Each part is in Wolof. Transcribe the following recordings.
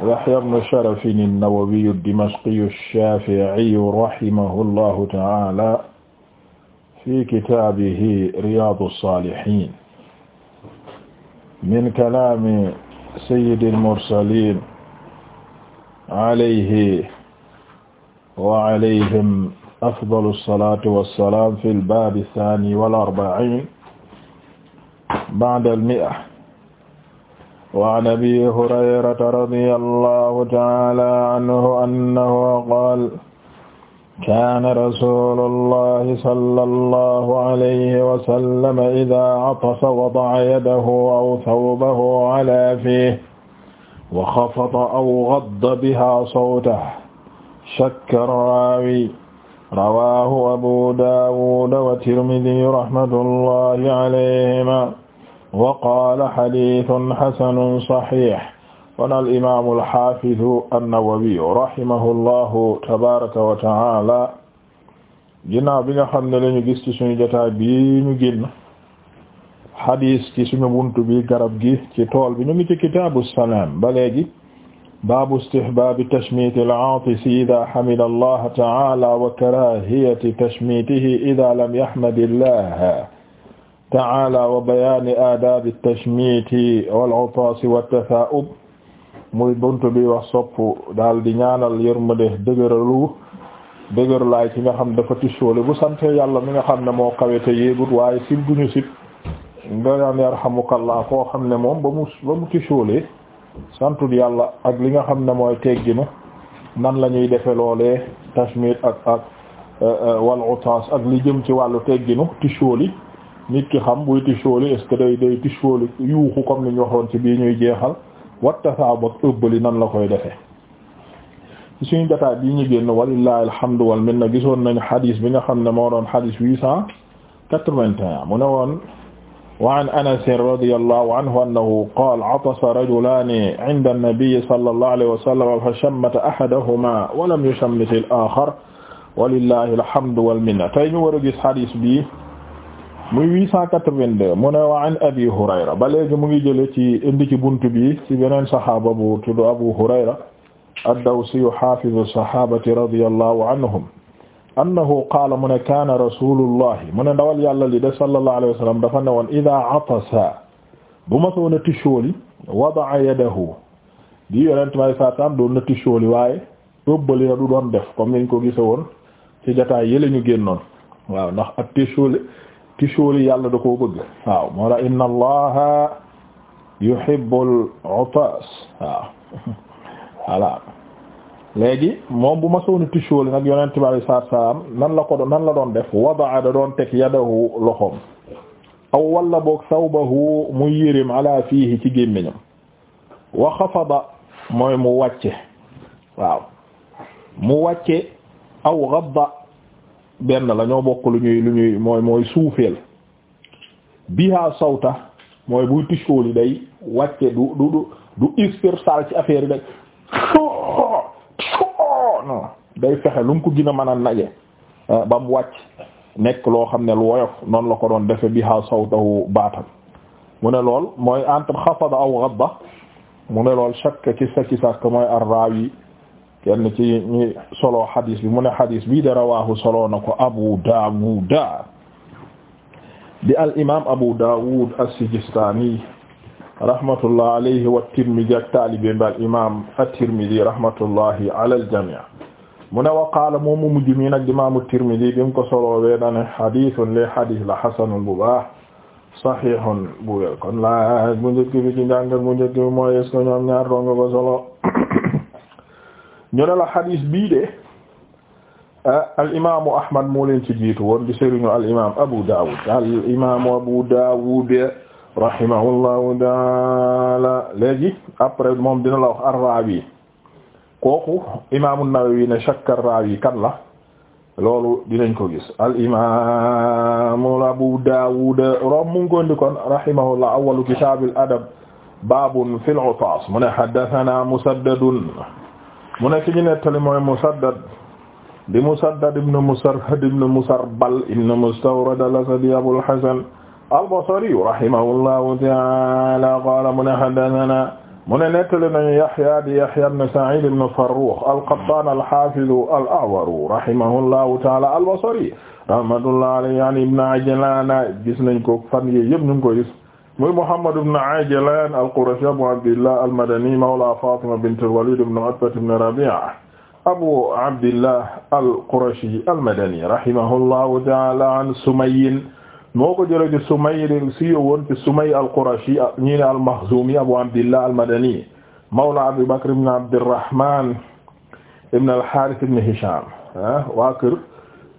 Yahya ibn Sharaf an-Nawawi ad-Dimashqi ash-Shafi'i rahimahullahu ta'ala fi kitaabihi Riyaadu s-Saalihiin min kalaami sayyidil mursaliin alayhi wa alayhim afdalu s-salaatu wa s-salaam fil baabi ath-thaani wal arba'iin ba'da al-mi'a waan abi hurayrata radiyallahu ta'ala anhu annahu qaala kaana rasuulullahi sallallahu alayhi wa sallam idaa atasa wada'a yadahu aw thawbahu alaa fiihi wa xafata aw gadda bihaa sawtahu shakka raawi rawaahu abuu daawuud wa tirmidhi rahmatullahi alayhimaa wa qaala xadiisun xasanun saxiix kon al imaamu alxaafidu annawawi rahimahullahu tabaaraka wa ta'aala ginnaaw bi nga xam ne lañu gis ci suñu jotaay bi ñu génn xadiis ci suñu buntu bi garab gi ci tool bi ñu ngi ci kitaabu salaam ba léegi baabu istihbaabi tashmiiti al-aatisi idaa hamida allaha ta'aala wa karaahiyati tashmiitihi idaa lam yahmadillaah ta'ala wa bayaani aadaabi at wal utaasi wat-tasaa'ub muy buntu bi wax soppu daal di ñaanal yërmande dëgëralu dëgër laay ci nga xam dafa tissuole bu sante yàlla mi nga xam ne moo kawete yéegut waaye sib guñu sib nga naan yarhamukallah koo xam ne moom ba mu ba mu santul yàlla ak li nga xam ne mooy tegginu nan la ñuy defe loolee tashmiit ak ak eh, eh, wal utaas ak li jëm ci wàllu tegginu tissuole nit ki xam buy tichooli est-ce que day day tichooli yuuxu comme ni ñu waxoon ci bii ñuy jeexal wattasaabu ak ëbbali nan la koy defee ci suñu jotaay bii ñu génn walillahi alhamdu wal minna gisoon nañu xadis bi nga xam ne moo doon xadis huit cent quatre-vingt-un mu ne woon wa an Anas radiyallahu anhu annahu qaala atasa rajulaani inda an-nabiyyi sallallahu alayhi wa sallam fa shammata ahaduhumaa wa lam yushammit al-aaxar walillahi alhamdu wal minna tey ñu war a gis xadis bi muy 882 mu ne wa an abi hurayra ba léegi mu ngi jël ci indi ci bunt bi ci beneen saxaaba bu tudd abu hurayra ad-dawsi xaafizu saxaabati radiyallahu anhum annahu qaala mu ne kaana rasulullahi mu ne ndawal yàlla li de sallallahu alayhi wa sallam dafa ne woon idaa atasa bu ma soo natti shooli wada'a yadahu di yonent may saataan doon natti shooli waaye ëbbali na du doon def comme niñ ko gise woon ci jotaay yële ñu génnoon waaw ndax ak tishooli tisóol yi yàlla da koo bëgg waaw moo la inna allaha yuhibbul utas waaw voilà léegi moom bu ma soona tisóol nag yonent bi alai nan la doon def wadaa da doon teg yadahu loxoom aw walla boog sawbahu muy yërim fiihi ci gémmiñam wa xafada mooy mu wàcce waaw mu wàcce aw gadda benn la ñoo bokk lu ñuy lu ñuy mooy mooy suufeel biha sawta mooy buy tisool yi day wàcce du du du du istirsal ci affaire yi day non day fexe lu mu ko gën a mën a naje eh, ba wàcc nekk loo xam ne lu woyof noonu la ko doon defe biha sawtahu baatam mu ne lool mooy entre xafada aw gadda mu ne lool shakk ci sakki sàkk mooy ar-rawi kenn ci ñi solo xadis bi mu ne xadis bii da rawaahu solo na ko Abu Daawud di al imaam Abu Daawud as-Sijistaani rahmatullah alayhi wa Tirmidi ak taalibe bi al imaam at-Tirmidi rahmatullahi ala al-jamii mu ne wa qaala moom mu mujj mi nag imaamu Tirmidi bi mu ko solo bee da ne xadiisun li xadiis la xasanun bu baax saxiixun bu wér kon laaj bu njëkk bi ci njàngat bu njëkk bi mooy est-ce que ñoom ñaar doon nga ko solo. ñu ne la xadiis bii de ah, al imaamu Ahmad moo leen ci jiitu woon di sëriñu al imaam Abu Dawud al imaamu Abu Dawud rahimahullahu taala léegi après moom dina la wax ar-raawi kooku imaamu Nawawi ne shakka ar-raawi kan la loolu dinañ ko al imaamu Abu Dawud rom mu ngi ko indi kon rahimahullah awwalu kitaabil adab baabun fil utaas mu ne haddasanaa Musaddadun mu ne ki ñu nettali mooy Musaddad di Musaddad ibn Musarhad ibn Musarbal ibn Mustawrad al-Asadi Abul Hasan al-Basri rahimahullahu ta'ala qala mu ne haddathana mu ne nettali nañu Yahya di Yahya ibn Sa'id ibn Farrukh al-Qattan al-Hafiz al-A'war rahimahullahu ta'ala al-Basri rahmatullahi alayhi yani ibn Ajlan gis nañ ko fan yii yëpp ñu ngi ko gis muy Muhammad ibn Ajlan al-Qurashi Abu Abdillah al-Madani mawla Fatima bint al-Walid ibn Utba ibn Rabi'a Abu Abdillah al-Qurashi al-Madani rahimahullahu ta'ala an Sumayy moo ko jëlee ci Sumayy si woon ci Sumayy al-Qurashi ñi ne al-Makhzumi Abu Abdillah al-Madani mawla Abi Bakr ibn Abdirrahman ibn al-Harith ibn Hisham ah, waa kër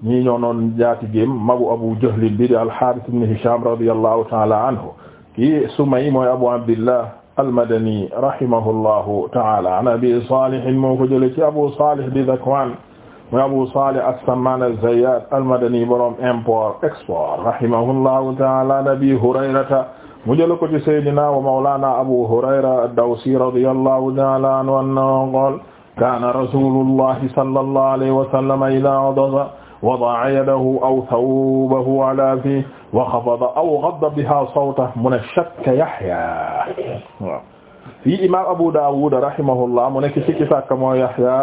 ñii ñoo noon jaati géem magu Abu Jahl bi di al-Harith ibn Hisham radiyallahu ta'ala anhu kii Sumay mooy Abu Abdillah al-Madani rahimahullahu ta'ala an Abi Salih moo ko jëlee ci Abu Salih di Zakwan mooy Abu Salih as-Samman az-Zayyat al-Madani borom import export rahimahullahu ta'ala an Abi Hurayrata mu jëlee ko ci Sayyidina wa Mawlana Abu Hurayra ad-Dawsi radiyallahu ta'ala anhu annahu qala kana rasulullahi sallallahu alayhi wa sallam idha adgha wada'a yadahu aw thawbahu ala fihi wa xafada aw gadda biha sawta mu ne shakka Yahya waaw fii imam Abu Dawud rahimahullah mu nekk sikki sàkka moo Yahya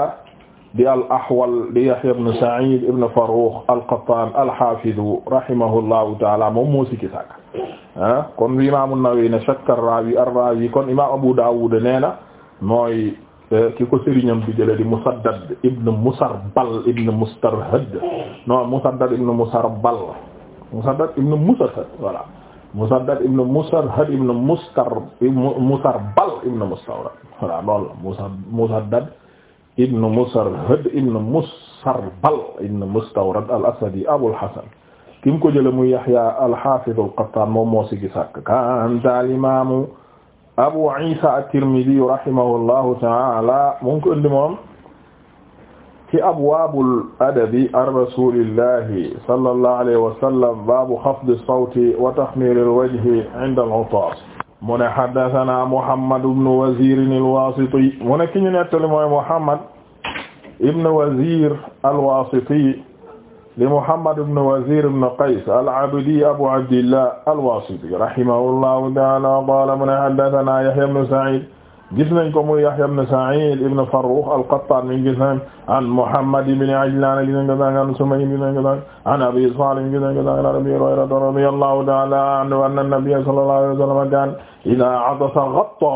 di al Ahwal di Yahya ibn Sa'id ibn Farrukh al-Qattan al-Hafiz rahimahullahu ta'ala moom moo sikki sàkk ah kon imam An-Nawawi ne shakka ar-rawi ar-rawi kon imam Abu Dawud nee na mooy eh, ki ko sëriñam bi jële di Musaddad ibn Musarbal ibn Mustarhad non Musaddad ibn Musarbal Musaddad ibn Musarhad voilà Musaddad ibn Musarhad ibn Mustar Musarbal ibn Mustawrad voilà loolu la Musa Musaddad ibn Musarhad ibn Musarbal ibn Mustawrad al-Asadi Abul Hasan ki mu ko jëlee muy Yahya al-Hafiz al-Qattan moom moo si gis ak kanta al-imam Abu Isa at-Tirmidhi rahimahullahu ta'ala mu ngi ko indi moom. ci abwaabul adabi an rasulillahi sallallahu alayhi wa sallam baabu xafdi sawti wa taxmiiril wajhi inda al-utaas mu ne haddasanaa Muhammad ibn Waziir al-Waasiti mu ne ki ñu nettali mooy Muhammad ibn Waziir al-Waasiti li Muhammad ibn Waziir ibn Qays al-Abdi Abu Abdillah al-Waasiti rahimahullahu ta'aala qaala mu ne haddasanaa Yahyaa ibn Sa'iid gis nañ ko muy Yahya ibn Sa'id ibn Farrukh al-Qattan mi ngi gis nañ an Muhammad ibn Ajlan gis nañ ko sànq an Sumayy gis nañ ko sànq an Abi Salih gis nañ ko sànq an Abi Hurayra radiyallahu ta'ala anhu anna an-nabiyya sallallahu alayhi wa sallam kana idha 'atasa ghatta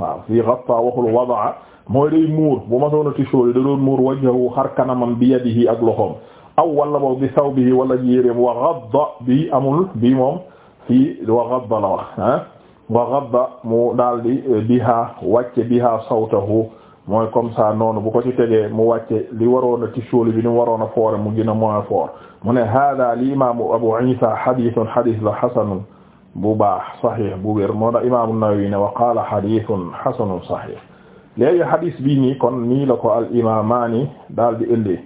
waaw fii ghatta waxul wada'a mooy day muur bu ma soona tisóoli da doon muur wajhahu xar kanamam bi yadihi ak loxoom aw wala boog bi sawbihi wala yéreem wa ghadda bi amul bi moom fii wa ghadda la wax ah wa ghabba mu daal di eh, biha wàcce biha sawtahu mooy comme ça noonu bu ko ci mu wàcce li waroon a ci suul bi ni waroon a foore mu gën a moins mu ne hada li imaamu Abu Isa hadith la hasanun bu baax sahih bu wér moo tax imaamu wax ne wa qaala hadithun hasanun sahih léegi hadith bi nii kon nii la ko al imaamaani daal di indi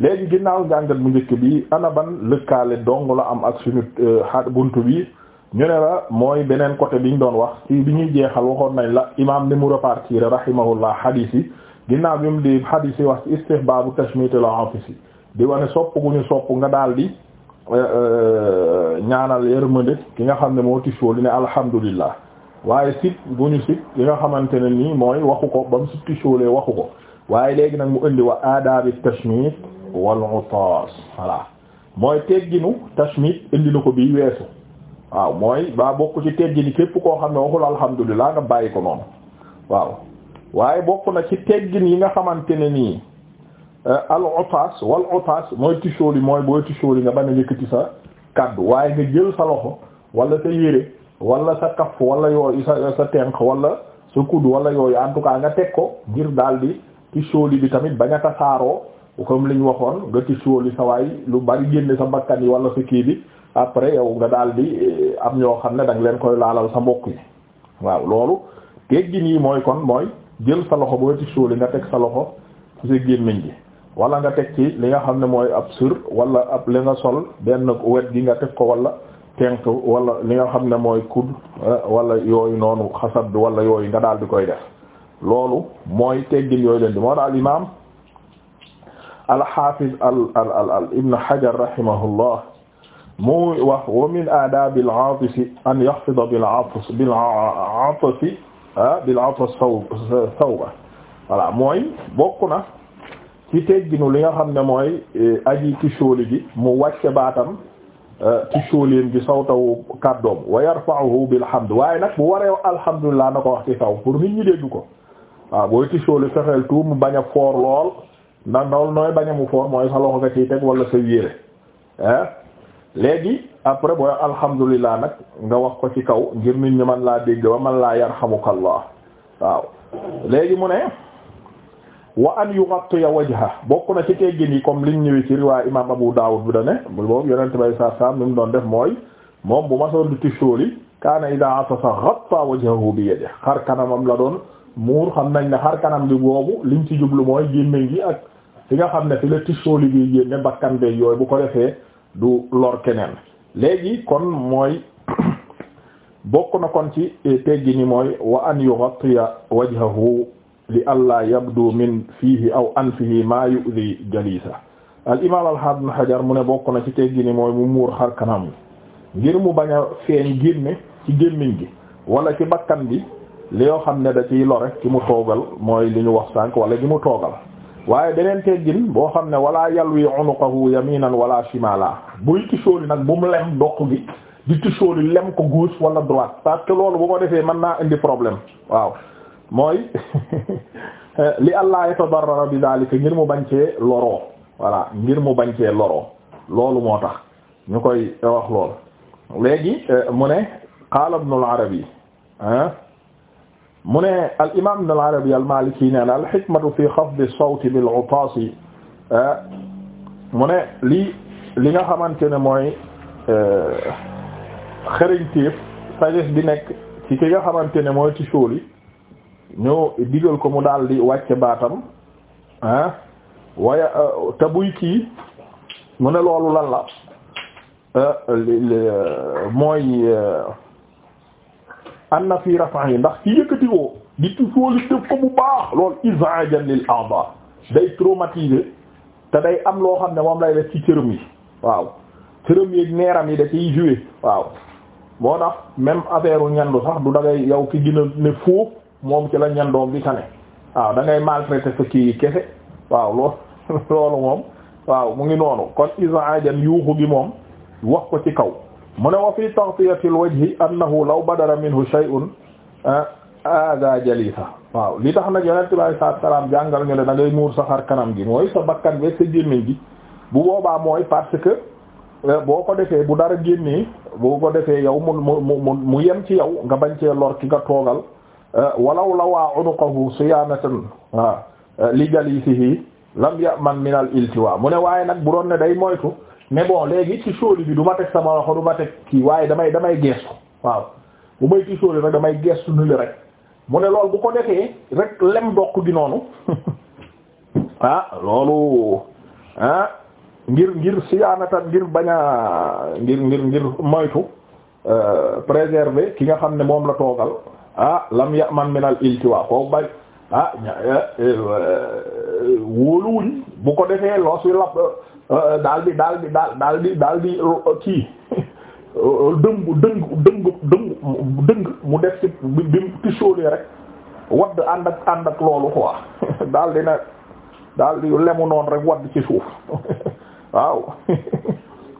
léegi ginnaaw njàngat mu njëkk bi ana ban lëkkaale dong la am ak suñu eh, buntu bi ñu ne la mooy beneen côté bi ñu doon wax ci bi ñuy jeexal waxoon nañ la imaam ni mu repartir rahimahullah hadis yi ginnaaw bi mu di hadis yi wax ci istihbaabu tashmit al afis yi di wane sopp gu ñu sopp nga daal di euh, euh, ñaanal yërmande ki nga xam ne moo tisoo li ne alhamdulillah waaye sit gu ñu sit li nga xamante ne nii mooy waxu ko ba mu si tisoolee waxu ko waaye léegi nag mu indi wa aadaabi tashmit wal utaas voilà mooy tegginu tashmit indi na ko bii weesu. waaw mooy baa bokk ci teggini képp koo xam ne waxul alhamdulilah nga bàyyi ko noonu waaw waaye bokk na ci teggin yi nga xamante ne nii eh, al otas wal otas mooy tisooli mooy booy tisooli nga bañ a yëkkati sa kaddu waaye nga jël sa loxo wala sa yére walla sa kaf wala yooyu sa sa tenq wala sa kudd wala yooyu en tout cas nga teg ko ngir daal di tisooli bi tamit ba a tasaaroo comme li ñu waxoon nga tisooli sa waay lu bari génne sa bakkan yi wala kii bi après yow nga daal di eh, am ñoo xam ne da nga leen koy laalal sa mbokk yi waaw loolu teggin yi mooy kon mooy jël sa loxo boo ci sóoli nga teg sa loxo ci sa gémmiñ gi walla nga teg ci li nga xam ne mooy ab sur walla ab li nga sol benn wet gi nga teg ko wala tenk wala li nga xam ne mooy kudd eh, wala yooyu noonu xasab bi wala yooyu nga daal di koy def loolu mooy teggin yooyu leen di moo daal imaam al-Hafiz al al al ibn Hajar rahimahullah muy wax wa min aadabil aatisi an yaxfida bil atas bil atas sawba voilà mooy bokk na ci tegginu li nga xam ne mooy eh, aji tisóoli gi mu wàcce baatam tisóolim eh, gi sawtawu kàddoom wa yarfa'uhu bil hamd waaye nag bu waree alhamdulillah na ko wax ci kaw pour nit ñi dégg ko waaw booy tisóoli fexeel tuut mu bañ a foor lool ndax loolu nooy bañ a mu foor mooy sa loxo nga ciy teg wala sa eh? léegi après booy alhamdulilah nag nga wax ko ci kaw ngir nit ñi man laa dégg ba man laa yarhamukallah waaw léegi mu ne wa an yughatti wajha bokk na ci teggin yi comme liñ ñëwee ci riwaay imam Abu Dawud bi da ne boobu yonent bay saa saam li doon def mooy moom bu ma soon di tisooli kaana idaa atasa ghatta wajhahu bi yadihi xar kanamam la doon muur xam nañ ne xar kanam bi boobu liñ ci jublu mooy gémmiñ gi ak fi nga xam ne fi la tisooli bi génne bakkan beeg bu ko defee du lor keneen léegi kon mooy bokk na kon ci e, teggi ni mooy wa an yughatiya wajhahu li alla yabdu min fiihi aw anfihi ma yu'dhi jalisa al imam al hafiz xajar mu ne bokk na ci teggi ni mooy mu muur xar kanam ngir mu bañ a feeñ génne ci gémmiñ gi wala ci bakkan bi li yoo xam ne da ciy lore ci mu toogal mooy li ñu wax sànk wala gi mu toogal waaye beneen teggin boo xam ne wala yalwi unuqahu yaminan wala shimala buy tisóoli nag bu mu lem doq gi di tisóoli lem ko guus wala droite parce loolu bu ko defee man naa indi problème waaw mooy li allah yatadarrara bi daalika ngir mu bancee loroo voilà ngir mu bancee loroo loolu moo tax ñu koy wax lool léegi euh, mu ne qaala ibnul arabi mu ne al imaam ibn al arabi al maliki nee na al hikmatu fi xafdi sawti bil utaasi eh, mu ne lii li nga xamante ne mooy eh, xërëñtéef sagesse bi nekk ci ki nga xamante ne mooy ci sóoli ñoo digal ko mu daal di wàcce baatam ah waaye eh, te buy kii mu ne loolu lan la mooy an na fii rafan yi ndax ci yëkkati woo di tufooli def ko bu baax loolu isaajan lil a'da day traumatiser te day am loo xam ne moom lay def ci cërëm yi waaw cërëm yi neeram yi da ciy jouer waaw moo tax même u ñandu yow ki gën a moom ci la ñandoom bi tane waaw da ngay maltraiter sa kii kese waaw loolu moom waaw mu ngi noonu kon isaajan yuuxu gi moom wax ko ci kaw mu ne wa fi taghtiyatil wajhi annahu law badara minhu shay'un ah, ada jalisa waaw li tax nag yonent bi alayhi salaatu jàngal ñu ne da ngay muur sa xar kanam gi mooy sa bakkan bi sa gémmiñ gi bu boobaa mooy parce que eh, boo ko defee bu dara génnee boo ko defee yow mu mu mu mu yem ci yow nga bañ cee lor ki nga toogal eh, walaw la waa unuqahu siyaanatan ah, li jalisihi lam man min al iltiwa mu ne waaye nag bu doon ne day moytu mais bon léegi ci bi du ma teg sama loxo teg kii waaye damay damay geestu waaw bu may ci sóoli rek damay geestu ni li rek mu ne lool bu ko defee rek lem dokk gi noonu ah loolu ah ngir ngir siyaanatan ngir bañ a ngir ngir ngir moytu euh, préserver ki nga xam ne moom la toogal ah lam ya man minal iltiwa koo bañ ah eh, eh, wóoluwuñ bu ko defee loos wi lapp Euh, daal di daal di daal daal daal di euh, kii dëngu dëngu dëngu dëng mu def ci bi mu tisoolee rek wadd ànd ak ànd ak loolu quoi daal di na daal lemu noonu rek wadd ci suuf waaw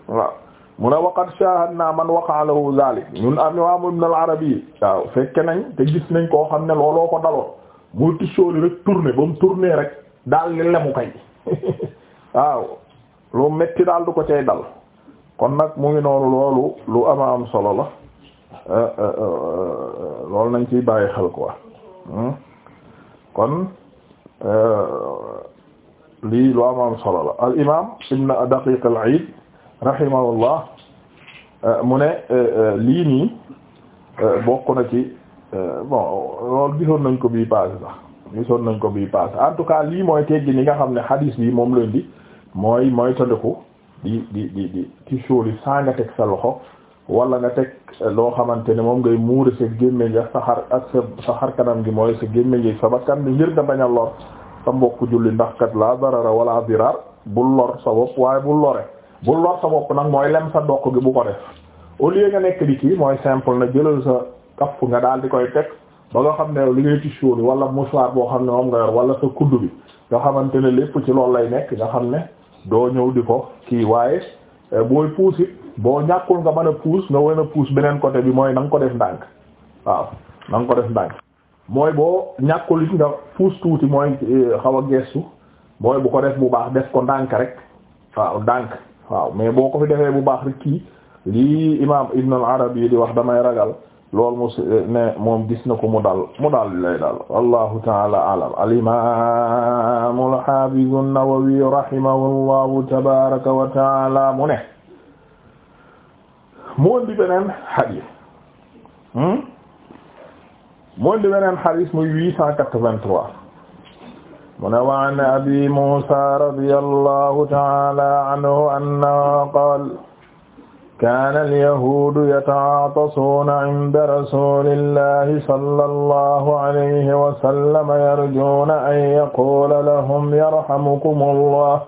waaw mu ne waqat shahadna man waqa'a lahu zalik ñun am imaam ibn al yi waaw fekke nañ te gis nañ koo xam ne looloo ko daloon mu tisooli rek tourné ba mu tourné rek daal lemu kay waaw lu metti daal du ko cay dal kon nag mu ngi noonu loolu lu ama am solo la euh, euh, euh, loolu nañ ci bàyyi xel quoi hmm? kon lii lu ama am solo la al imam ibn daqiq al iid rahimahullah mu ne lii nii bokk na ci bon loolu gisoon nañ ko bii passé sax gisoon nañ ko bii passé en tout cas lii mooy teggi ni nga xam ne hadis bi moom leen di mooy mooy tandiku di di di di tissu li saa nga teg sa loxo wala nga teg loo xamante ne moom ngay muuri sa gémmiñ ak sa xar ak sa sa xar kanam gi mooy sa gémmiñ ak sa bakkan bi ngir nga bañ a lor sa mbokku ndax kat la wala dirar bul lor sa waaye bul lore bul lor sa bopp nag mooy lem sa doq gi bu ko def au lieu nga nekk di jëlal sa kaff nga daal di koy teg ba nga xam ne li ngay tissu li wala mouchoir boo xam ne moom nga yor wala sa kudd bi nga xamante ne lépp ci loolu lay nekk nga xam ne doo ñëw di ko kii waaye eh, booy puus boo ñàkkul nga mën a puus nga wan a puus beneen côté bi mooy na ko def ndànk waaw na nga ko def ndànk mooy boo ñàkkul it nga puus tuuti mooy eh, xaw a gestu mooy bu ko def bu baax def ko ndànk rek waaw ndànk waaw mais boo ko fi defee bu baax rek kii lii imaam Ibn al-Arabi yi di wax damay ragal loolu mu ne moom gis na ko mu dal mu dal lay dal wallahu taala alam al-imam al-hafiz an-Nawawi rahimahullahu tabaraka wa taala mu ne mu indi beneen hadith hmm? mu indi beneen hadith muy 883 mu ne wa an abi Musa radiyallahu taala anhu anna qala kaana alyahuudu yataatasuuna inda rasulillahi sallallahu alayhi wa sallam yarjuuna an yaquula lahum yarhamukumullah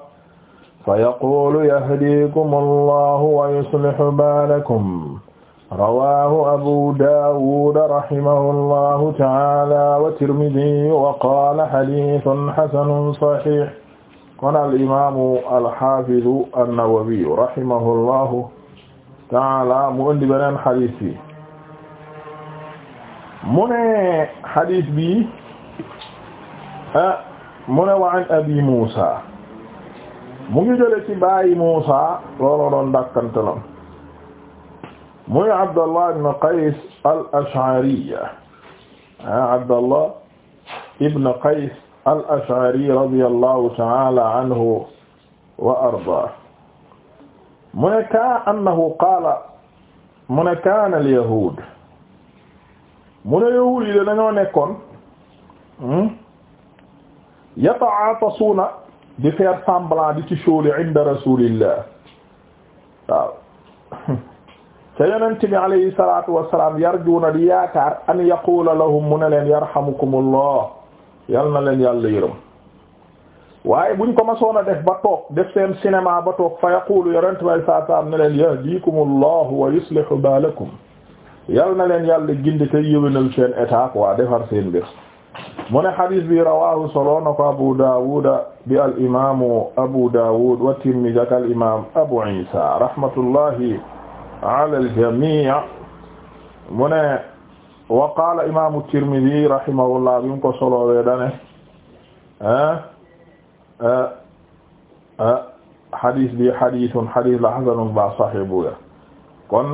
fa yaquulu yahdiikumullahu wa yuslihu baalakum rawaahu abu daawuda rahimahullahu ta'aala wa tirmidii wa qaala hadiisun hasanun sahiih kon al imaamu al haafidu an-nawawi rahimahullahu taala mu indi beneen xadis bi mu ne xadis bi ah mu ne wa an abi Muusa mu ngi jële ci baayi Muusa looloo doon dakkantalam muy Abdallah ibn Qays al-Ash'ari ah Abdallah ibn Qays al-Ash'ari radiyallahu ta'ala anhu wa ardaahu mu ne ka annahu qaala mu ne kaana al yahud mu ne yahuud yi de dañoo nekkoon hmm, yataatasuuna di faire semblant di ci sóoli inda rasulillah waaw ca yonent bi alayhi salatu wassalam yarjuuna di yaakaar an yaqula lahum mu ne leen yarhamukumullah yal na leen yàlla yërëm waaye buñ ko masoon a def ba toog def seen cinéma ba fa yaqulu yonent bay saa saam ne leen yahdikumullahu wa yuslihu baalakum yal na leen yàlla gindi te yëwénal seen état quoi defar seen mbir mu ne bi rawahu solo ko Abu Dawud bi al Abu Dawud wa Tirmidhi ak Abu Isa rahmatullahi ala al solo we dane ah, xadis bi xadisun xadis la xasanun ba saxi bu wér kon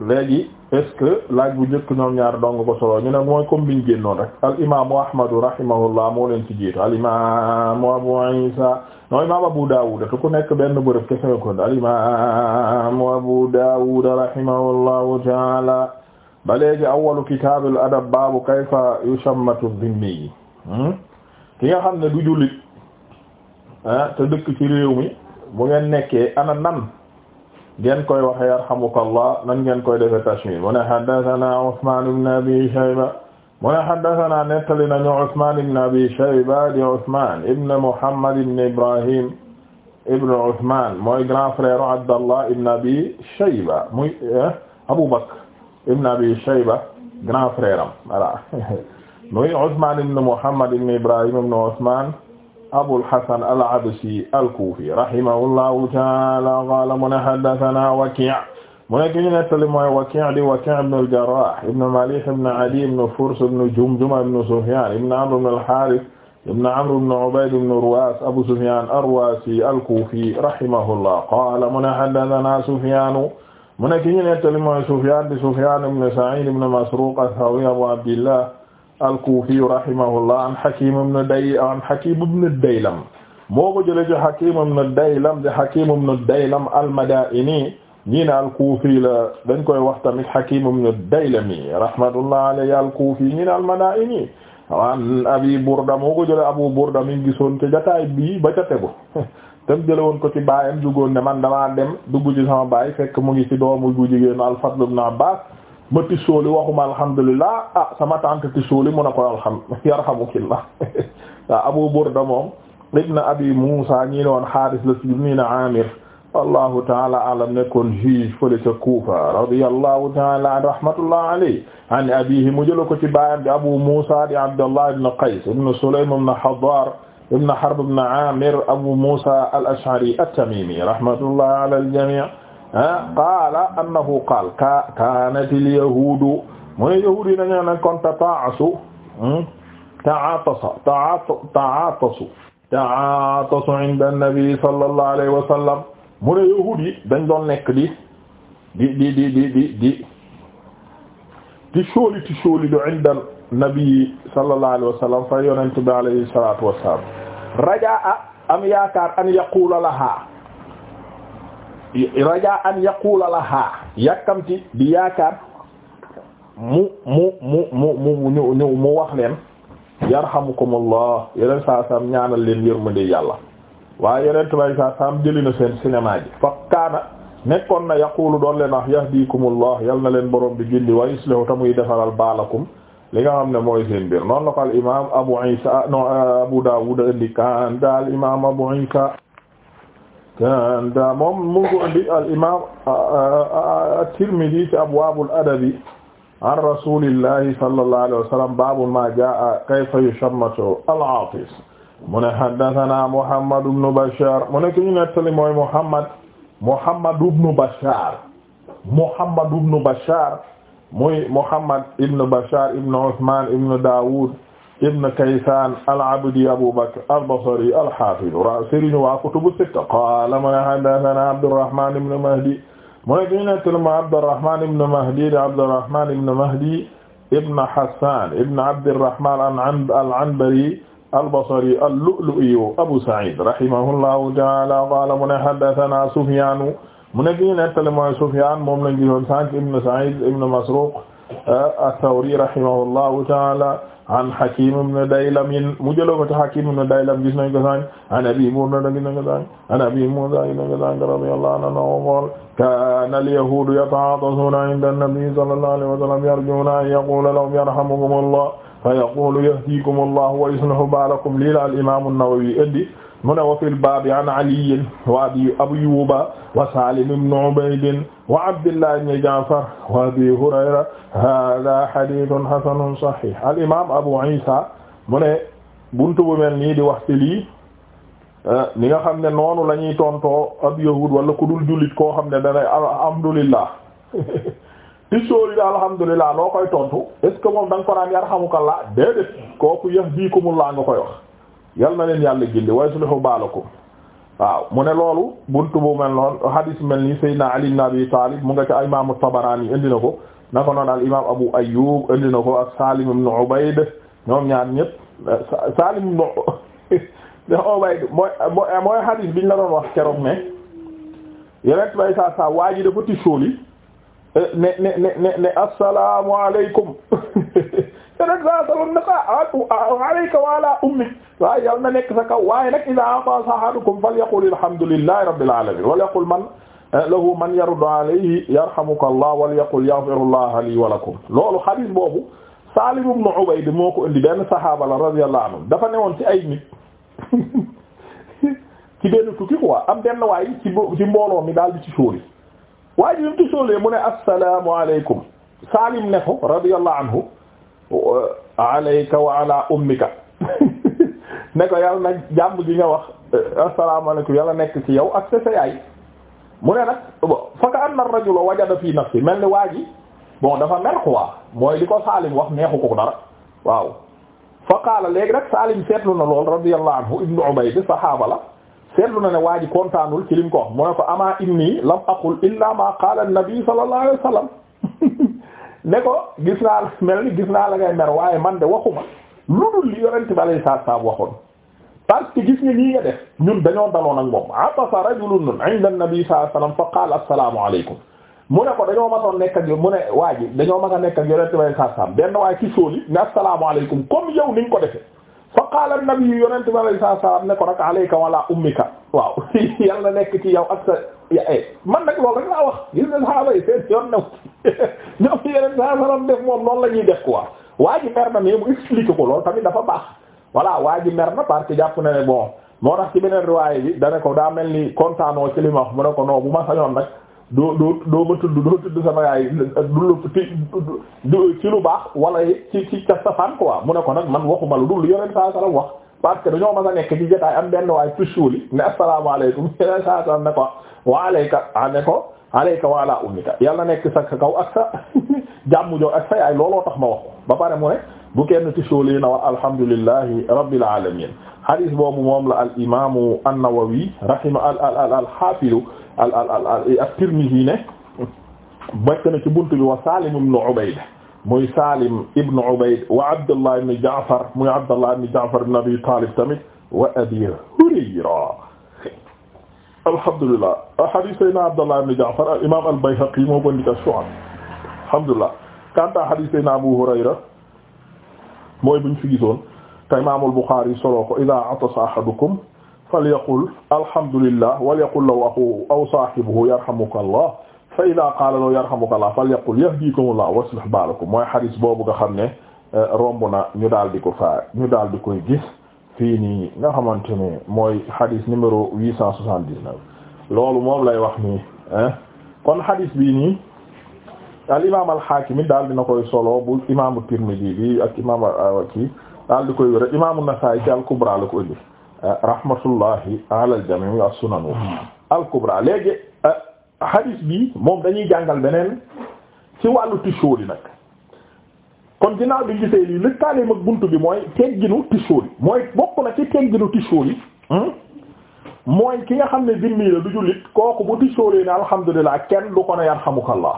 léegi est-ce que laaj bu njëkk ñoom ñaar dong ko solo ñu ne mooy comme biñ génnoon rek al imaamu ahmadu rahimahullah moo leen ci jiitu al imaamu abu isa noo imaam abu daawuda te ku nekk benn bërëb kese nga ko al imaamu abu daawuda rahimahullahu taala ba léegi awwalu kitaabul adab baabu kayfa yushammatu dhimmi yi ki nga xam ne du jullit Ah, te dëkk ci réew mi bu ngeen nekkee ana nan ngeen koy waxe yarhamukallah nan ngeen koy defe tashmil mu ne haddathana Usman ibn Abi Shayba mu ne haddathana nettali nañu Usman ibn Abi Shayba di Usman ibn Muhammad ibn Ibrahim ibn Usman mooy grand frère Abdallah ibn Abi Shayba muy eh, Abu Bakr ibn Abi Shayba grand frère am voilà muy Usman ibn Muhammad ibn Ibrahim ibn Usman Abul Hasan al-Absi al-Kufi rahimahullahu ta'ala qala mu ne haddathana Waki' mu nekk ñu nettali mooy Waki' di Waki' ibn al-Jarrah ibn Malih ibn Adi ibn Furs ibn Jumjuma ibn Sufyan ibn Amr ibn al-Harith ibn Amr ibn Ubayd ibn Ruwas Abu Sufyan ar-Ruwasi al-Kufi rahimahullah qala mu ne haddathana Sufyan mu nekk ñu nettali mooy Sufyan di Sufyan ibn Sa'id ibn Masruq ath-Thawi Abu Abdillah al-Kufi rahimahullah an Hakim ibn Day an Hakim ibn Daylam moo ko jëlee ci Hakim ibn Daylam de Hakim ibn Daylam al-Madaini ñii ne al-Kufi la dañ koy wax tamit Hakim ibn Daylami rahmatullah alayhi al-Kufi ñii ne al-Madaini an Abi Burda moo ko jëlee Abu Burda mi gisoon te jataay bii ba ca tegu tam jële woon ko ci baayam ne man damaa dem dugg ci sama baay fekk mu ngi ci doomu bu jigéen al-Fadl ma tissooli waxuma alhamdulilah ah sama tante tissooli mun a koy alham yarhamukillah waaw ah, Abu Burda moom ibn Abi Musa ñii ne woon Haaris la si nii na Amir wallahu taala alam nekkoon juge fële ca Kufa radiyallahu taala an rahmatullah alayhi an abihi mu jëla ko ci baayam bi Abu Musa di Abdullah ibn Qays ibn Sulaym ibn Hadar ibn Harb ibn Amir Abu Musa al-Ash'ari at-Tamimi rahmatullah ala al-jami' Ah qaala annahu qaal ka kaanatil yahuudu mu ne yahuud yi dañoo nekkoon tata'asu hmm? ta'atasu ta'atasu ta'atasu inda nabi sallallahu alayhi wa sallam mu ne yahuud yi dañ doon nekk di di di di di di di ti shooli ti shooli du inda nabi sallallahu alayhi wa sallam fa yonent bi alayhi salatu wassalam rajaa am yaakaar an yaqula laha rajaa an yaqula laha yàkkamti di yaakaar mu mu mu mu mu mu ñëw mu wax leen yarhamukumullah yeneen saa saam ñaanal leen yërmande yàlla waaye yeneen tubaab saa saam jëli na seen cinéma ji fa kaana nekkoon na yaqulu doon leen wax yahdikumullah yal na leen borom bi gindi wa yuslihu tamuy defaral baalakum li nga xam ne mooy seen biir noonu la imaam Abu Isa no Abu Dawud indi kan daal imaam Abu Isa kanta moom mu ngi ko indi al imam at-Tirmidhi ci abwaabul adabi an rasulillahi sallallahu alayhi wa sallam baabu ma jaa kayfa yushammatu al-aatis mu ne haddathana Muhammad ibn Bashar mu ne ki ñu nettali mooy Muhammad Muhammad ibn Bashar Muhammad ibn Bashar muy Muhammad ibn Bashar ibn Uthman ibn Dawud ibn Kaysan al-Abdi Abu Bakr al-Basri al-Hafiz sëriñu waa kutubu sitta qaala mu ne haddathana Abdurrahman ibn Mahdi mu ne ki ñu nettali ma Abdurrahman ibn Mahdi di Abdurrahman ibn Mahdi ibn Hassan ibn Abdirrahman al-Anbari al-Basri al-Lu'lu'i Abu Sa'id rahimahullahu ta'ala qaala mu ne haddathana Sufyan mu ne ki ñu nettali ma Sufyan moom lañ gisoon sànq ibn Sa'id ibn Masruq Ath-Thawri rahimahullahu ta'ala an Hakim ibn Daylam mu jëloo ko ci Hakim ibn Daylam gis nañ ko sànq an Abi Murra gis nañ ko sànq an Abi Murra gis nañ ko sànq radiyallahu anhu qaala kaana al-yahuudu yata'aatasuna 'inda an-nabiyyi sallallahu alayhi wa sallam yarjuuna an yaquula lahum yarhamukumullah fa yaquulu yahdiikumullah wa yuslihu baalakum lii la al-imaam an-Nawawi indi mu ne wa fil baabi an Ali wa abi Ayyuuba wa Saalim ibn Ubayd wa Abdillah ibn Ja'far wa Abi Hurayra haaza hadiisun hasanun sahiih al imaam Abu Iisa mu ne buntu bu mel nii di wax ci lii eh, ni nga xam ne noonu lañuy ñuy tontoo ab yahuud wala ku dul jullit koo xam ne danay alhamdulillah tisóor yi alhamdulillah loo koy tontu est que moom da nga ko naan yarhamukallah déedéet kooku yahdikumullah nga koy wax. yàlla na leen yàlla gindi wa yuslihu baalakum waaw mu ne loolu buntu bu mel noonu hadis mel ni Seydina Ali ibn Abi mu nga ca imaamu Tabarani indi na ko na ko noonu al imaam Abu Ayyub indi na ko ak Salim Ubayd ñoom ñaar ñëpp Salim ibn Ubayd mooy mooy hadis biñ la doon wax keroog ne yeneen eh, ne ne ne assalaamu alaykum yeneen saa salaam ne ko ah, ah, alayka wa ala ummi waaye yal na nekk sa kaw waaye nag iza afasa ahadukum falyaqul alhamdulillahi rabbil alamin wal yaqul man eh, lahu man yaruddu alayhi yarhamuka allah wal yaqul yaghfirullah li wa lakum loolu xadiis boobu Saalim ibn Ubayd moo ko indi benn saxaaba la radiyallahu anhu dafa newoon ci ay nit ci benn tukki quoi am benn waay ci ci mbooloo mi daal di ci sóoli waaye ji mu ci sóolee mu ne assalaamu alaykum Saalim ne ko radiyallahu anhu alayka wa ala ummika ne ko yàlla nag jàmm gi nga wax asalaamaaleykum yàlla nekk ci yow ak sa sa yaay mu ne nag fa ka anna ar-rajula wajada fi nafsi mel ni waa ji bon dafa mer quoi mooy li ko Saalim wax neexu ko dara waaw fa qaala léegi nag Saalim seetlu na lool radiyallahu anhu ibnu Ubayd saxaaba la seetlu na ne waa ji kontaanul ci lim ko wax mu ne ko ama inni lam aqul illa ma qaala an-nabi sallallahu alayhi wa sallam ne ko gis naa la mel ni gis naa la ngay mer waaye man de waxuma lu dul li yonent bi alayhi salaam waxoon parce que gis nga nii nga def da dañoo daloon ak moom atasa rajulun 'inda an-nabi sallallahu alayhi wasallam fa qaala assalaamu alaykum mu ne ko dañoo masoon nekk ak mu ne waa ji dañoo mas a nekk ak yonent bi alayhi salaam benn waaye ci sóoli ne assalaamu alaykum comme yow ni ko defe fa qaala nabi yonent bi alayhi salaam ne ko nag alayka wala ummika waaw yàlla nekk ci yaw ak sa eh, man nag loolu rek laa wax gis nga saxaaba yi seen yoon new ñoom yonent saa salaam def la ñuy def quoi waa ji mer na mais mu expliqué ko lool tamit dafa baax voilà waa ji mer na parce que jàpp na ne bon moo tax ci beneen riwaay bi dana ko daa mel ni kontaanoo ci li ma mu ne ko non bu ma sañoon nag. doo doo doo ma tudd doo tudd ma yaay du ci lu baax wala ci ci ca safaan quoi mu ne ko nag man waxuma lu dul yoneen saa salaam wax parce que dañoo mas a nekk ci jotaay am benn waay tusuuli ne asalaamaaleykum yoneen ne ko waaleyka a ah, ane ko aleyka waala ummika yàlla nekk sa kaw ak sa jàmm joo ak sa yaay looloo tax ma wax ko ba pare mu ne bu kenn tisoo lii na wax alhamdulillahi rabbil alamin hadis boobu moom la al imaamu an-Nawawi rahima al al al al xaafilu al al al at-Tirmidhi ne bokk na ci buntu bi wa Salim ibn Ubayd muy Salim ibn Ubayd wa Abdullah ibn Ja'far muy Abdullah ibn Ja'far ibn Abi Talib tamit wa Abi Hurayra alhamdulillah hadis sayna Abdullah ibn Ja'far al imaam al-Bayhaqi moo ko indi Shu'ab alhamdulillah kanta hadis sayna Abu Hurayra mooy buñ fi gisoon te imaamul Buxaari yi soloo ko idaa atasa ahadukum falyaqul alhamdulillah walyaqul lahu axuhu aw saahibuhu yarhamuka allah fa idaa qaala lahu yarhamuka allah falyaqul yahdikumullah wa yuslih baalakum mooy xadis boobu nga xam ne eh, romb na ñu daal di ko faa ñu daal di koy gis fii nii nga xamante ne mooy xadis numéro huit cent soixante-dix-neuf loolu moom lay wax nii eh. kon xadis bii nii al imaam al Hakim daal koy solo bu imaamu Tirmidhi bi ak imaam euh, di koy wér imaamu Nasa'i ci al Kubra la ko indi euh, rahmatullahi ala al sunan hmm. al Kubra léegi euh, hadith moom dañuy jàngal beneen ci kon ginnaaw bi gisee lii lëkkaaleem ak buntu bi mooy tegginu tissu yi mooy bokk na hmm? mooy ki nga xam ne dimmi la du jullit kooku bu tissu yi ne alhamdulilah kenn du ko ne yarhamukallah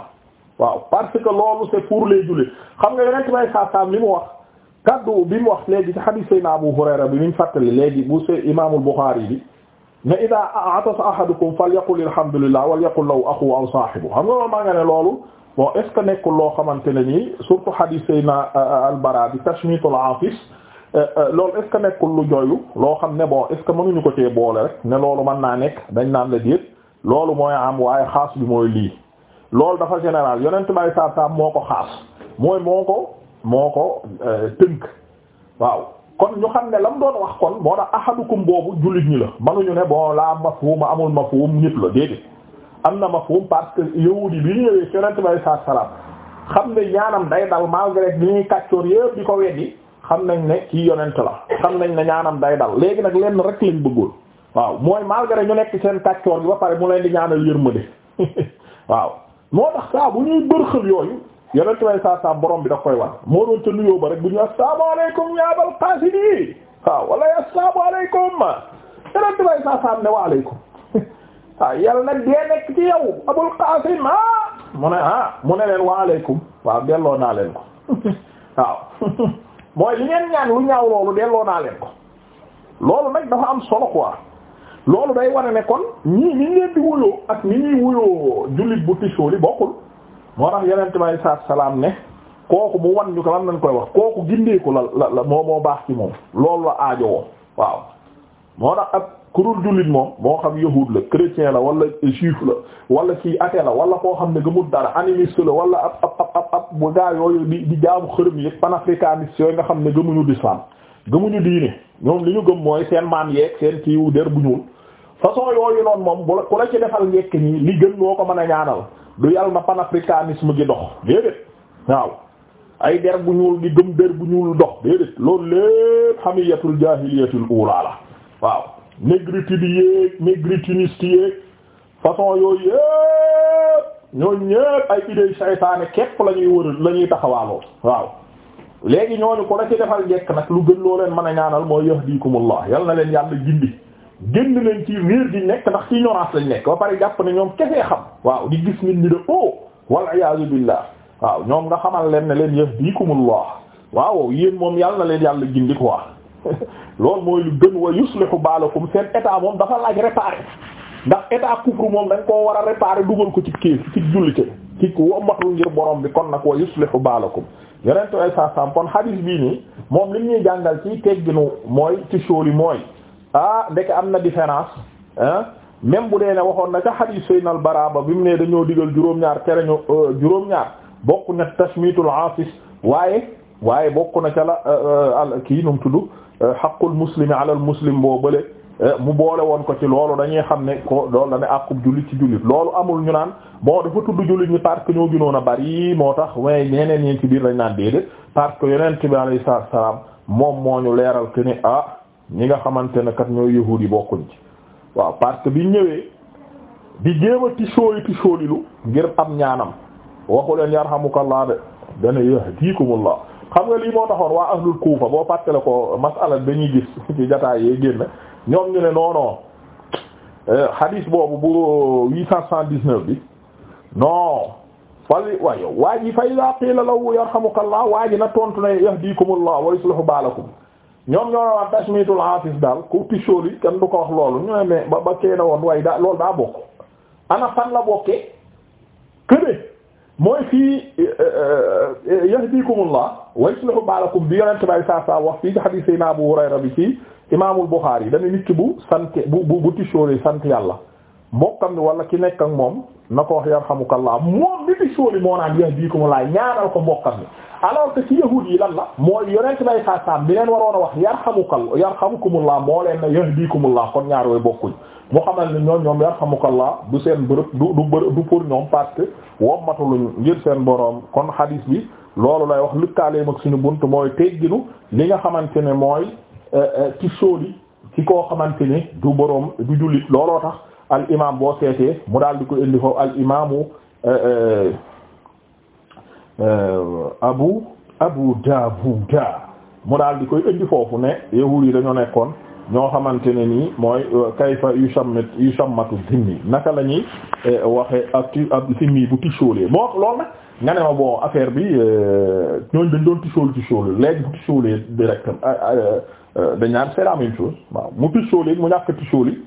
waaw parce que loolu c'est pour les jullit xam nga yonent bay saasaam li mu wax kaddu bi mu wax léegi ci hadith sayna Abu Hurayra bi ñu fàttali léegi bu see imaamul Bukhari bi ne idaa atasa ahadukum falyaqul alhamdulillah walyaqul lahu axu aw saahibu xam nga loolu maa nga ne loolu bon est ce nekkul loo xamante ne nii surtout hadith sayna euh, al-Bara bi tashmitul aafis euh, euh, loolu est ce que nekkul lu joyu loo xam ne bon est ce que mënuñu ko cee boole rek ne loolu mën naa nekk dañ naan la loolu mooy am waaye xaas bi mooy lii loolu dafa général yonent bay saab saab moo ko xaas mooy moo ko moo ko euh, tënk waaw kon ñu xam ne lam doon wax kon moo tax ahadukum boobu jullit ñi la manuñu ne bon laa mafhum amul mafhum ñëpp la déedéet am na mafhum parce que yahudi bi ñu ñëwee yonent bay saab salaam xam ne ñaanam day dal malgré bi ñuy kàccoor yëpp di ko weddi xam nañ ne kii yonent la xam nañ ne ñaanam day dal léegi nag lenn rek lañ bëggoon waaw mooy malgré ñu nekk seen kàccoor gi ba pare mu leen di ñaanal yërmande waaw moo tax saa bu ñuy bërxël yooyu yonent way saa saa boroom bi daf koy moo doon ca nuyoo ba rek bu ñu assalaamu alaykum ya Abal Qaasim yi waaw wala assalaamu alaykum yonent way saa saa ne wa alaykum waaw yàlla nag dee nekk ci yow Abul Qaasim ah mu ne ah mu ne leen wa alaykum waaw delloo naa leen ko waaw mooy li ngeen ñaan lu ñaaw loolu delloo naa leen ko loolu nag dafa am solo quoi loolu day wane ne kon ñii ñi leen di wuyoo ak ñi ñuy wuyoo jullit bu tisoo li bokkul moo tax yeneen bi alei salaatu salaam ne kooku mu wan ñu ko lan lañ koy wax kooku gindeeku la la la moo moo baax ci moom loolu la aajowoo waaw moo tax ak kurul jullit moom moo la chrétien la wala juif la wala ci athée la wala koo xam ne gëmul dara animiste la wala ab ab ab ab bu gaa yooyu di di jaamu xërëm yi panafricaniste yooyu nga xam ne gëmuñu l'islam gëmuñu diine ñoom li ñu gëm mooy seen maam yeeg seen kiiwu der bu ñuul façon yooyu noonu moom bu la ku la ci defal njekk nii li gën moo ko mën a ñaanal du yàlla na panafricanisme gi dox déedéet waaw ay der bu ñuul di gëm der bu ñuul dox déedéet loolu lépp hamiyatul jahiliyatul ula la waaw négritude yéeg négrituniste yéeg façon yooyu yépp ñooñu ñépp ay idée saytaane képp la ñuy wër lañuy taxawaaloo waaw léegi ñooñu ku la ci defal njekk nag lu gën loo leen mën a ñaanal mooy yahdikumullah yal na leen yàlla gindi génn leen ci réer di nekk ndax ci ignorance lañ nekk ba pare jàpp ne ñoom kefee xam waaw di gis nit ñi de oh wal iyaazu billah waaw ñoom nga xamal leen ne leen yahdikumullah waaw yéen moom yàlla na leen yàlla gindi quoi loolu mooy lu gën wa yuslihu baalakum seen état moom dafa laaj réparer ndax état kufru moom dañ ko war a réparer dugal ko ci kii ci jullite ci wommatul ngir borom bi kon nag wa yuslihu baalakum yeneen ay sa sam kon hadis bii moom li ñuy jàngal ci tegginu mooy ci sóoli mooy ah ndeke am na différence ah même bu dee ne waxoon na ca hadith Seydina al Baraba bi mu ne dañoo digal juróom-ñaar tere ñu euh, juróom-ñaar bokk na tashmitul aatis waaye waaye bokk na ca la euh, euh, al kii nu mu tudd haqqul muslimi alal muslim boo bële mu boole woon ko ci loolu dañuy xam ne ko loolu la ne àqub jullit ci jullit loolu amul ñu naan bon dafa tuddu jullit ñi parce que ñoo gënoon a bari moo tax waaye ñeneen ñi ci biir lañ naan déedéet parce que yonent bi alayhi salaam ñu leeral que ah. ñi nga xamante ne kat ñooy yahuud yi bokkuñ ci waaw parce que bi ñëwee di jéem a tisóoli tisóolilu ngir am ñaanam waxu leen yarhamukallah de dana yahdikumullah xam nga lii moo taxoon waa ahlul kuufa boo fàttale ko masala dañuy gis ci jataay yee génn ñoom ñu ne noonon eh, hadis boobu bu huit cent soixante-dix-neuf bi non fali waayo waa ji fa iza qila lahu yarhamukallah waa ji na tontu ne yahdikumullah wa yuslihu baalakum ñoom ñoo wax tashmitul hafiz daal ku pichool yi kenn du ko wax loolu ñu ne ba ba kee na woon waaye daa loolu daa bokk ana fan la bokkee këne mooy fii eh, eh, eh, yahdikumullah wa yuslihu baalakum bi yonent bay saa saa wax fii ci xadiis sayna Abu Hurayra bi ci imaamul Buxaari yi dana nit bu sant bu bu bu pichool yàlla mbokkam ni wala ki nekk ak moom na ko wax yarhamukallah moom bi di sóoli moo naan yéen bii ko mu laay ñaanal ko mbokkam ni alors que ci yahuud yi lan la mooy yonent bay saasaam bi leen waroon a wax yarhamukal yarhamukumullah moo leen ne yahdikumullah kon ñaar yooyu bokkuñ mu xamal ne ñoom ñoom laa du seen bërëb du du bërëb du pour ñoom parce que wommatuluñ ngir seen boroom kon hadis bi loolu lay wax lëkkaaleem ak suñu bunt mooy tegginu li nga xamante ne mooy euh, euh, ci sóoli koo xamante ni du boroom du jullit looloo tax al imaam boo seetee mu daal di ko indi foofu al imaamu euh, euh, euh, abu abu daawuda mu daal di koy indi foofu ne yahuud yi dañoo nekkoon ñoo xamante ne nii mooy kayfa yu sammat yu sammatu naka la ñuy waxe ak ab zimmi bu tichoolee moo loolu nag nga ne ma bon affaire bi ñooñ dañ doon tichool tichool léegi bu tichoolee direct dañ naan mu tichoolee mu ñàkk tichooli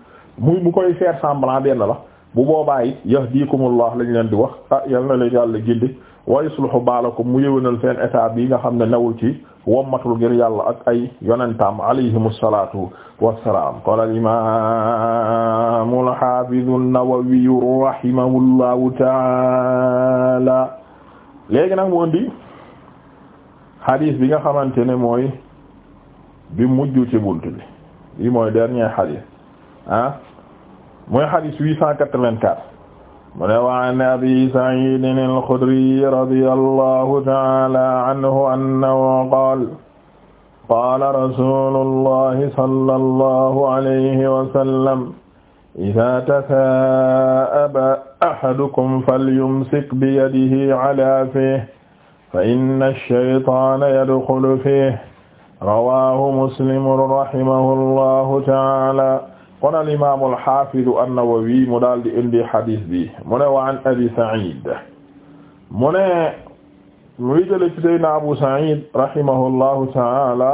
muy bu koy faire semblant benn la bu boobaa it yahdikumullah lañ leen di wax ah yal na leen yàlla gindi wa yusluhu baalakum mu yëwénal seen état bi nga xam ne newul ci wommatul ngir yàlla ak ay yonentaam alayhim asalatu wassalaam qaala al-imaam al-haafiz an-Nawawi rahimahullahu taala léegi nag mu indi xadis bi nga xamante ne mooy bi mujj ci bunt bi bi mooy dernier xadis ah mooy xadis 884 mu ne wa an abi sa'id al-khudri radiyallahu ta'ala anhu annahu qaala qaala rasulullahi sallallahu alayhi wa sallam idaa tasaa'aba ahadukum falyumsik biyadihi alaa fihi fa inna ash-shaytaana yadxulu fihi rawaahu muslim rahimahu llahu ta'ala kon al imaam al haafid an-Nawawi mu daal di indi hadith bi mu ne wa an Abi Sa'id mu ne mu ngi jëlee ci Seydina Abu Sa'id rahimahullahu ta'ala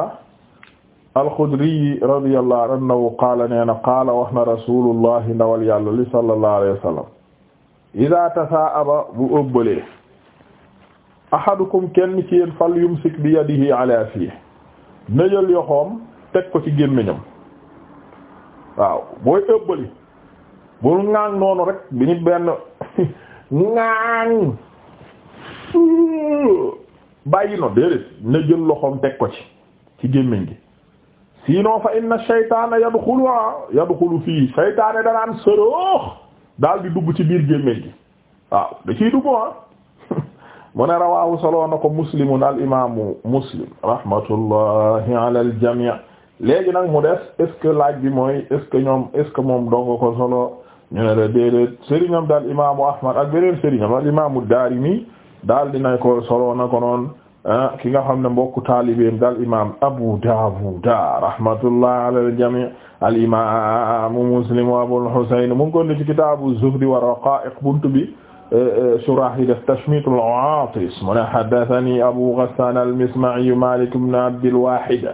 al-Khudri radiyallahu anhu qaala nee na qaala wax na rasulullah ndawal yàlla li sallallahu alayhi wa sallam idaa tasaa'aba bu ëbbalee ahadukum kenn ci yéen fal yumsik bi yadihi ala fihi na jël yoxoom teg ko ci gémmiñam waaw mooy ëbbali bu ŋaaŋ noonu rek bi ñu benn ŋaaŋ bàyyi no déedéet na jël loxoom teg ko ci ci gémmiñ gi sinon fa inna shaytaana yadxulu yadxulu fii shaytaane danaan sëroox daal di dugg ci biir gémmiñ gi waaw da ciy dugg ah mu ne rawaahu solo na ko muslimun al imaamu muslim rahmatullahi ala al jamii léegi nag mu des est-ce que laaj bi mooy est-ce que ñoom est-ce que moom donga ko solo ñu ne la déedéet sëriñam daal imaamu ahmad ak beneen sëriñam al imaamu daarimi daal dina ko solo na ko noon ah, ki nga xam ne mbokku taalibeem daal imaam abu daawuda rahmatullah ala al jami' al imaamu muslim wa abul husayn mu ngi ko ci kitaabu zuhdi wa raqaa'iq buntu bi eh, eh, surah yi def tashmit al aatis mu ne haddathani abu ghassan al misma'i malik ibn abd al wahid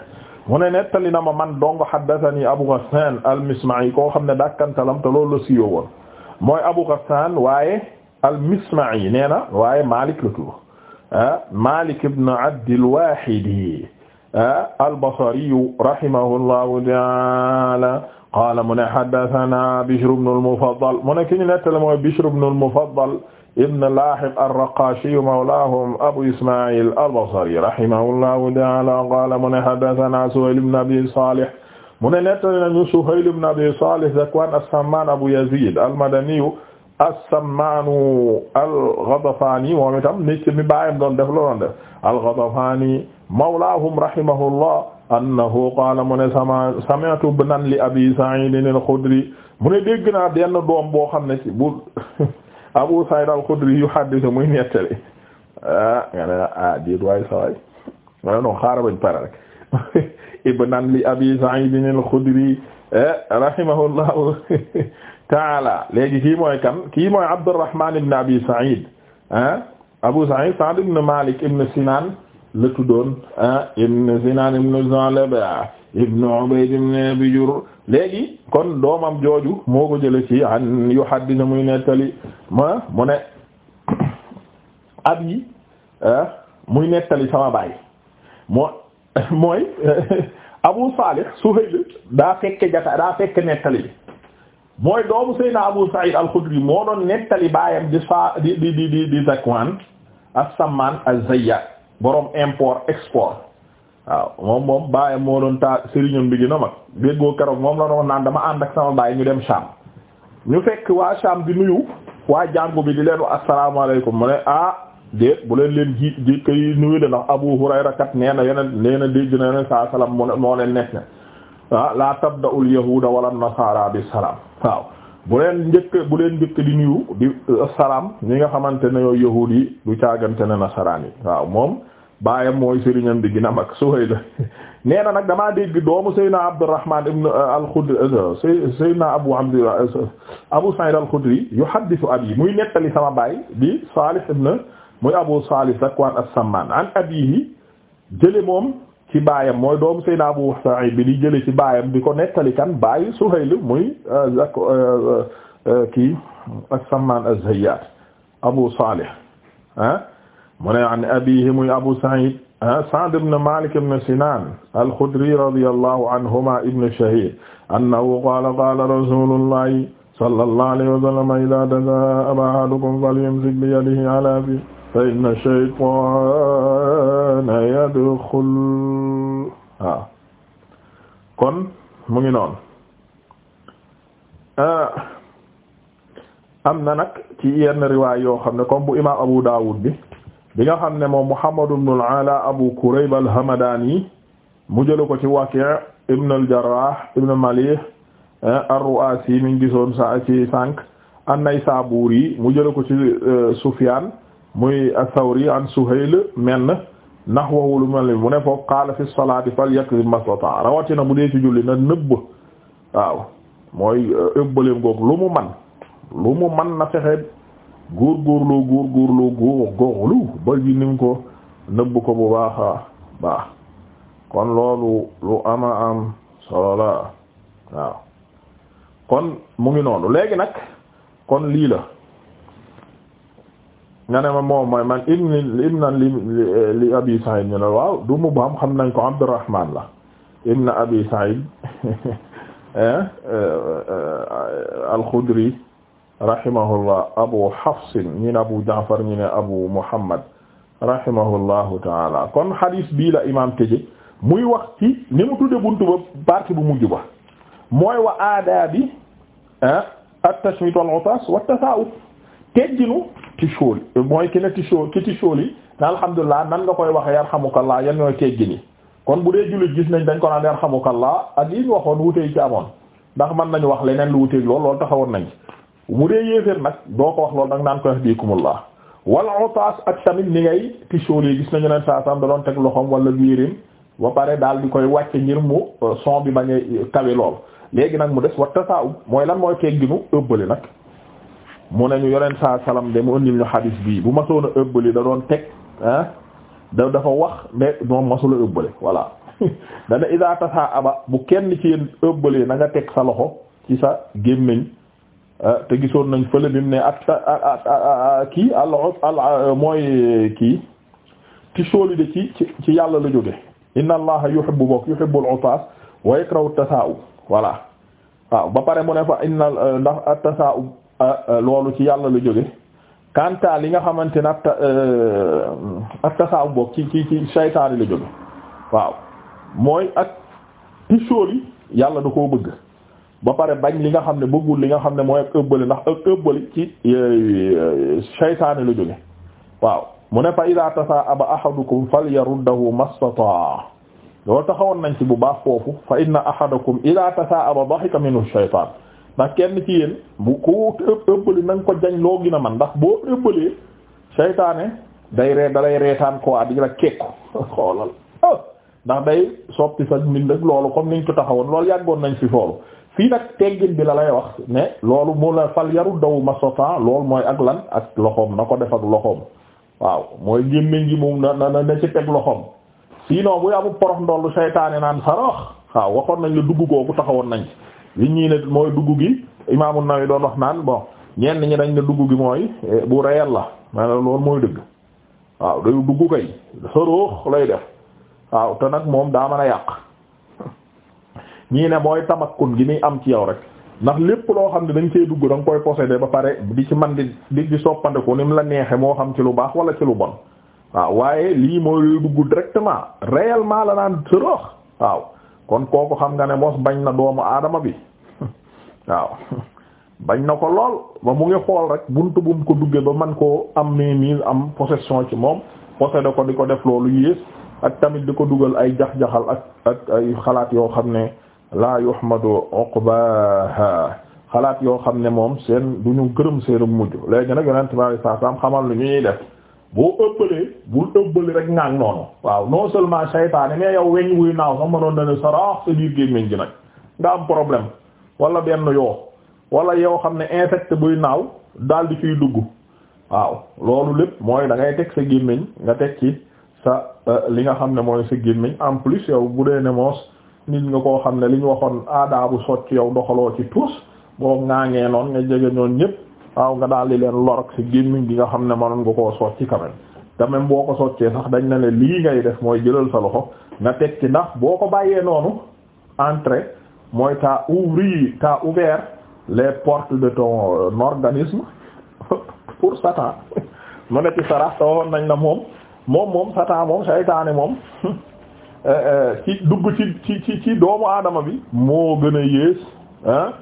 mu ne nettali na ma man dong haddathani Abu Ghassan al ko koo xam ne dakkantalam te loolu si siiwee woon mooy Abu Ghassan waaye al-Misma'i nee na waaye Malik la tudd ah Malik ibn Abd al-Wahid ah, al-Basri rahimahullahu ta'ala qaala mu ne haddathana Bishr ibn al-Mufaddal mu ne ki ñu nettali ibn Laahib ar-Raqaashi mawlaahum Abu Ismaa'iil al-Basri rahimahullahu ta'aala qaala mu ne haddathanaa Suhayl ibn Abi Saalih mu ne nettali nañu Suhayl ibn Abi Saalih Zakwaan as-Sammaan Abu Yaziid al-Madaniyu as-Sammaanu al-Ghatafaani moom itam nit mi baayam doon def looloon def al-Ghatafaani mawlaahum rahimahullah annahu qaala mu ne sama sami'tu ibnan li Abi Sa'iid al-Khudri mu ne dégg naa benn doom boo xam ne ci bu Abu Saïd al-Khudri yu haddisu muy nettali ah nga ne ah diir waay sa waay ma ne non xaaral bañ pare li Abi Saïd al-Khudri eh, rahimahullahu taala léegi kii mooy kan kii mooy Abdurrahman ibn Abi Saïd ah, Abu Saïd Sa'd ibn Malik ibn Sinan la tuddoon ah, ibn Sinan ibn Zalaba ibn Ubayd ibn Abi léegi kon doomam jooju moo ko jële ci an yu haddisa muy nettali ma mu ne ab yi ah, muy nettali sama baay mooy Abu Salih Suhayl daa fekke jata daa fekke nettali mooy doomu Seydina Abu Sa'id al-Khudri moo doon nettali baayam di sa di di di di Zakwan as-Samman az-Zayyat borom import export waaw moom moom baayam moo doon taa sëriñam bi gën mag déggoo keroog moom la doon naan dama ànd ak sama baay ñu dem Sham ñu fekk waa Sham di nuyu waa jàngu bi di leen wa asalaamaaleykum mu ne ah déet bu leen leen na yeneen nee na dégg ne moo leen nekk ah la tabda'ul wala bi salaam waaw bu leen njëkk bu leen njëkk di nuyu di salaam ñi nga xamante ne yow yahuud yi du caagante ne nasaraan yi waaw moom. baayam mooy sëriñam bi gën a mag Suhayl nee na nag damaa dégg doomu Seydina Abdurrahman ibn euh, al-Khudri euh, Seydina Abu Abdillah euh, Abu Sa'id muy nettali sama baay bi Salih ibn muy Abu Salih Zakwan as-Samman an abihi jële moom ci baayam mooy doomu Seydina Abu Sa'id bi di jële ci baayam di ko nettali kan baay Suhayl muy zak kii as-Samman az Abu Salih mu ne an abiihi muy Abu Saïd ah, Sa'd ibn Malik ibn Sinan al-Khudri radiyallahu anhuma ibn Shahid annahu qaala qaala rasulullahi sallallahu alayhi wa sallam idha tasaaba ahadukum falyumsik bi yadihi ala fi fa inna shaytana yadkhul waaw kon mu ngi noonu ah, am na nag ci yenn riwaay yoo xam ne comme bu imaam Abu Dawud bi bi nga xam ne moom Muhammad ibn al-Ala Abu Kurayb al-Hamadani mu jël ko ci Waki' ibn al-Jarrah ibn Malih eh, ar-Ru'asi mi ngi gisoon sa ci sànq an-Naysaburi mu jël ko ci eh, Sufyan muy ath-Thawri an Suhayl menn nahwahu lu mel ni mu ne foofu qaala fi salaati falyakzim mastata rawatina bu dee ci julli na nëbb waaw mooy eh, ëbbaleem googu lu mu man lu mu man na fexe góor góorloo góor góorloo góor góorlu ba gi nim ko nëbb ko bu baaxa baax kon loolu lu ama am solo la waaw kon mu ngi noonu léegi nag kon lii la nga ne ma moom mooy man ibni ibnan li li abi Sa'id ñu waaw du mu baam xam nañ ko Abdurrahman la ibn abi Sa'id euh, euh, euh, al-Khudri rahimahullah abu hafsin ñi ne abu jaafar ñi ne abu muhammad rahimahullahu taala kon hadith bii la imam tëje muy wax ci ni mu tudde buntu ba partie bu mujj ba mooy wa aadaabi ah, at-tashmit wal utas wa tasaawut tegginu tishool mooy ki ne tishool ki tishool yi na alhamdulilah nan nga koy waxe yarhamukallah yan ñooy teggini kon bu dee gis nañ dañ ko naan yarhamukallah ak yi ñu waxoon wuteeg ci amoon ndax mën nañu wax leneen lu wuteeg lool loolu taxawoon nañ bu dee yéeféer nag doo ko wax loolu nag naan ko yahdikumullah wal utaas ak tamit ni ngay tisooli gis nañu ne saa sam da doon teg loxoom wala biirim ba pare daal di koy wàcce ngir mu euh, son bi ba a euh, kawe lool léegi nag mu des wa tasaawum mooy lan mooy tegginu ëbbali nag mu ne ñu yoneen saa salam de mu ëndil ñu xadis bii bu masoon a ëbbali da doon teg ah da dafa wax mais moom masula ëbbale voilà dana idaa tasaa aba bu kenn ci yéen ëbbalee na nga teg sa loxo ci sa gémmiñ Ah, te gisoon nañ fële bi mu ne ak kii al mooy kii de ci ci yàlla la jóge inna allaha yuhibbu bok yuhibbul utaas wa yakrahu tasaa'ub voilà waaw ba pare mu ne fa inna eh, ndax tasaa'ub ah, eh, loolu ci yàlla la jóge kanta li nga xamante ne ak eh, tasaa'ub bok ci ci ci saytaani la jóge waaw mooy ak tisooli yàlla da koo bëgg ba pare bañ li nga xam ne bëggul li nga xam ne mooy ak ëbbali ndax ak ëbbali ci euh, euh, shaytaani lu jóge waaw mu ne fa ida tasaaba ahadukum falyaruddahu mastata loolu taxawoon nañ si bu baax foofu fa inna ahadakum ida tasaaba dahika minhu shaytaan ndax kenn ci yéen bu ko ëbbali na ko jañ loo gën a man ndax boo ëbbalee shaytaane day dalay reetaan ko waa di la kekku xoolal ah. ndax day soppi sa nit rek loolu comme niñ ko taxawoon loolu yàggoon nañ si foolu fii nag teggin bi la lay wax ne loolu mu la fal yaru daw masotan loolu mooy ak lan ak loxoom na ko def ak loxoom waaw mooy gémmiñ gi moom na na na ci teg loxoom sinon buy amu porox ndollu seytaane naan sarox waaw waxoon nañ la dugg googu taxawoon nañ li ñii ne mooy dugg gi Imaamu Nawawi doon wax naan bon ñenn ñi dañ ne dugg gi mooy eh, bu reyal la ma ne loolu mooy dëgg waaw dugg kay saroox lay def waaw te nag moom daa mën a yàq ñii ne mooy tamakkun gi muy am ci yow rek ndax lépp loo xam ne dañ cee dugg da nga koy posséder ba pare di ci man di di ci soppandiku ni mu la neexe moo xam ci lu baax wala ci lu bon waaw waaye lii mooy dugg directement réellement la naan sëroox waaw kon kooku xam nga ne mos bañ na doomu aadama bi waaw bañ na ko lool ba mu ngi xool rek buntu bum ko duggee ba man koo am nii nii am possession ci moom posséder ko di ko def loolu yées ak tamit di ko dugal ay jax-jaxal ak ak ay xalaat yoo xam ne la yuhmadu uqbaha xalaat yoo xam ne moom seen du ñu gërëm seen mujj léegi nag yonent bi saa saam xamal lu ñuy def boo ëppalee bul ëppale rek ngaang noonu waaw non seulement saytaane mais yow weñ wuy naaw sax mënoon na ne saraax sa biir gémmiñ gi nag nga am problème wala benn yoo wala yoo xam ne insecte buy naaw daal di fiy dugg waaw loolu lépp mooy da ngay teg sa gémmiñ nga teg ci sa euh, li nga xam ne mooy sa gémmiñ en plus yow bu dee ne moos nit nga koo xam ne li ñu waxoon aadaabu socc yow doxaloo ci tuus boo ŋaangee noon nga jege ñoon ñëpp waaw nga daal di leen lor ak si gémmiñ gi nga xam ne mënoon nga koo socc quand même te boo ko soccee sax dañ na ne lii ngay def mooy jëlal sa loxo nga teg ci ndax boo ko bàyyee noonu entrée mooy t'as ouvri t'as ouvert les portes de ton euh, organisme pour Satan mu ne ci waxoon nañ la moom moom moom Satan moom saytaane moom ci dugg ci ci ci doomu aadama bi moo gën a yées ah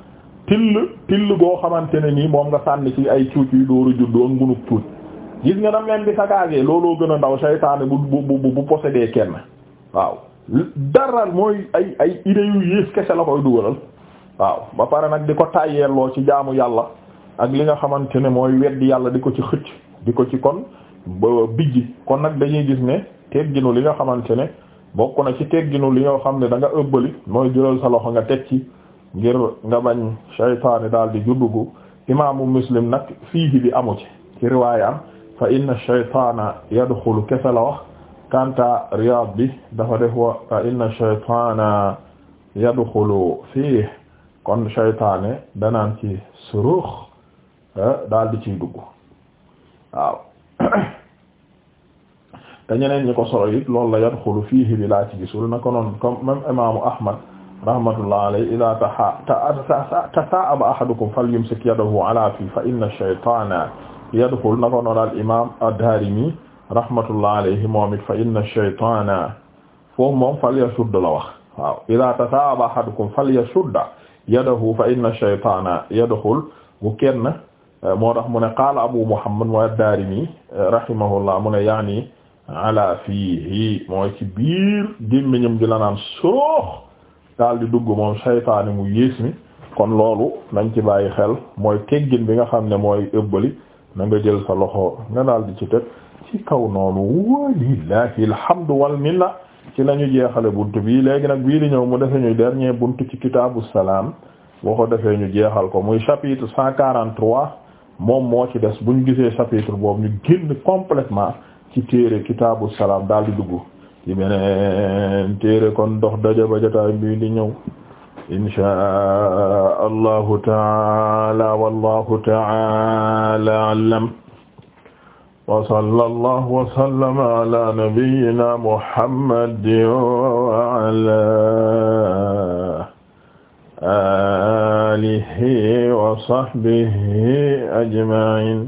till till goo xamante ne nii moom nga sànni ci ay cuuc yu dóoru juddoo ngunub cuuc gis nga dam leen di saccager looloo gën a ndaw saytaane bu bu bu bu kenn waaw dara mooy ay ay idées yu yées kese la koy dugalal waaw ba pare nag di ko tàyyeeloo ci jaamu yàlla ak li nga xamante ne mooy weddi yàlla di ko ci xëcc di ko ci kon bijji kon nag dañuy gis ne tegginu li nga xamante ne bokk na ci tegginu li ñoo xam ne danga nga ëbbali mooy jural sa loxo nga teg ci ngir nga bañ shaytaani daal di juddugu imaamu muslim nag fii bi amu ci ci riwaaya am fa inna shaytaana yadxulu kese la wax kanta Riyaad bi dafa def wa fa inna shaytaana yadxulu fii kon shaytaane danaan ci surux eh, daal di ciy dugg waaw te ñeneen ñi ko solo it loolu la yadxulu fiihi bi laa ci gisul na ko noon comme même imaamu Ahmad rahmatullah alayhi idaa tasaa'aba ahadukum falyumsik yadahu alaa fii fa inna ash-shaytaana yadxul na ko noon al imaam ad-Daarimi rahmatullah alayhi moom it fa inna ash-shaytaana foofu moom falyashudda la wax waaw idaa tasaa'aba ahadukum falyashudda yadahu fa inna ash-shaytaana yadxul bu kenn moo tax mu ne qaala Abu Muhammad wa ad-Daarimi rahimahullah mu ne yaani ala fiihi mooy ci biir gémmiñam gi la naan soox daal di dugg moom saytaani mu yées mi kon loolu nañ ci bàyyi xel mooy teggin bi nga xam ne mooy ëbbali na nga jël sa loxo nga daal di ci teg ci kaw noonu walillahi alhamdu wal minna ci la ñu jeexale bunt bi léegi nag bii di ñëw mu defee ñuy dernier bunt ci kitaabu salaam boo ko defee ñu jeexal ko muy chapitre cent quarante-trois moom moo ci des buñ gisee chapitre boobu ñu génn complètement ci téere kitaabu salaam daal di dugg ci beneen téere kon dox daja ba jotaay bi di ñëw inshaa allahu taala wallahu taala alam wa sallallahu wa sallama ala nabiyyina muhammadin wa ala alihi wa sahbihi ajma'in